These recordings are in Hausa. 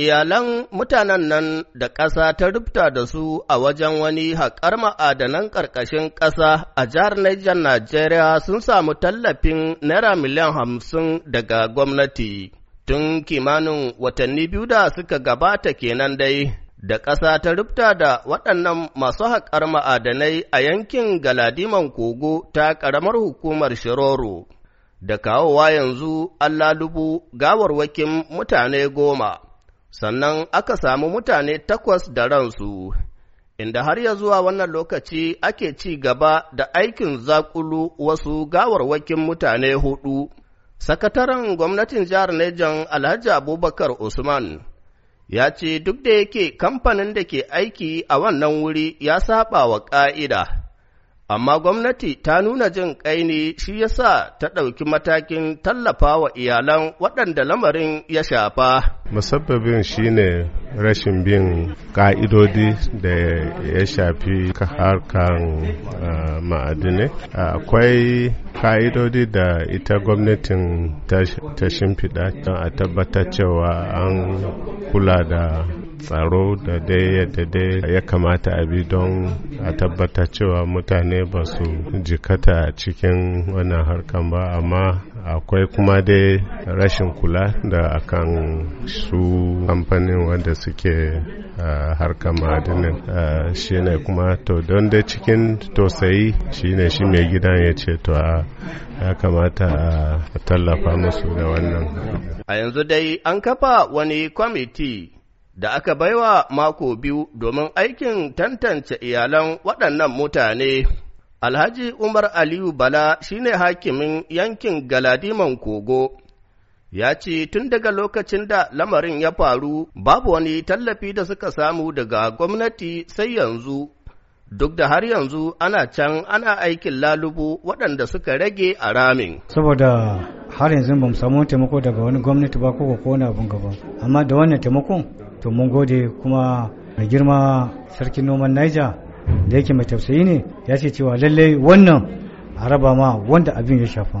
Iyalan mutanen nan da ƙasa ta rubuta da su a wajen wani haƙar ma'adanan ƙarƙashin ƙasa a jihar Niger Najeriya sun samu tallafin Naira miliyan hamsin daga gwamnati. Tun kimanin watanni biyu da suka gabata kenan dai, da ƙasa ta rubuta da waɗannan masu haƙar ma'adanai a yankin Galadiman Kogo ta ƙaramar hukumar Shiroro. Da kawowa yanzu Allah lubu gawarwakin mutane goma. sannan aka samu mutane takwas da ransu, inda har ya zuwa wannan lokaci ake ci gaba da aikin zakulu wasu gawarwakin mutane hudu. Sakataren gwamnatin jihar Nejan Alhaji Abubakar Usman ya ce duk da yake kamfanin da ke aiki a wannan wuri ya saba wa ƙa'ida. amma gwamnati ta nuna jin ƙaini shi ya sa ta ɗauki matakin tallafa wa iyalan waɗanda lamarin ya shafa. Musabbabin ne rashin bin ƙa'idodi da ya shafi harkan eh, ma'adinai. Akwai ƙa'idodi da ita gwamnatin ta shimfiɗa don a tabbatar cewa an kula da tsaro da dai yadda dai ya kamata a bi don a tabbata cewa mutane ba su jikata cikin wannan harkan ba amma akwai kuma dai rashin kula da akan su kamfanin wanda suke harkar ma'adinin shi ne kuma to don dai cikin tausayi shi ne shi mai gidan ya ce to a ya kamata a tallafa musu da wannan a yanzu dai an kafa wani kwamiti da aka baiwa mako biyu domin aikin tantance iyalan waɗannan mutane. Alhaji Umar Aliyu Bala shine hakimin yankin Galadiman Kogo, ya ce tun daga lokacin da lamarin ya faru babu wani tallafi da suka samu daga gwamnati sai yanzu, duk da har yanzu ana can ana aikin lalubu waɗanda suka rage a ramin. Saboda har yanzu ba mu samu taimako daga wani gwamnati ba ko ko na abin gaba, amma da wannan taimakon? to mun gode kuma mai girma sarkin noman Niger da yake mai tausayi ne ya ce cewa lallai wannan a raba ma wanda abin ya shafa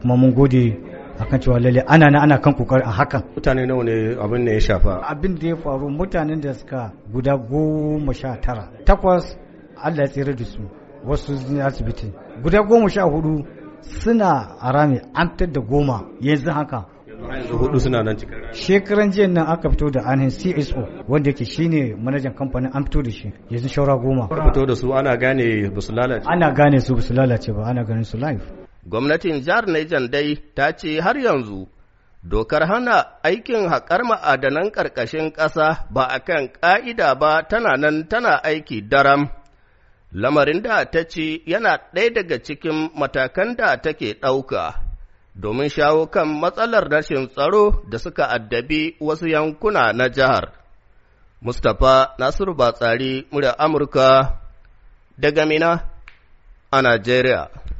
kuma mun gode akan cewa lallai ana na ana kan kokarin a hakan mutane nawa ne abin ne ya shafa abin da ya faru mutanen da suka guda goma sha tara takwas Allah ya tsere da su wasu asibiti guda goma sha hudu suna a rami an da goma yanzu haka hudu suna nan cikin shekaran jiya nan aka fito da anin CSO wanda yake shine manajan kamfanin an fito da shi yanzu shaura goma fito da su ana gane ba su lalace ana gane su ba su lalace ba ana ganin su live gwamnatin jihar Niger dai ta ce har yanzu dokar hana aikin haƙar ma'adanan ƙarƙashin ƙasa ba a kan ƙa'ida ba tana nan tana aiki daram, lamarin da ta ce yana ɗaya daga cikin matakan da take ɗauka. domin shawo kan matsalar rashin tsaro da suka addabi wasu yankuna na jihar. Mustapha Nasiru Batsari, murya Amurka, daga Mina a Najeriya.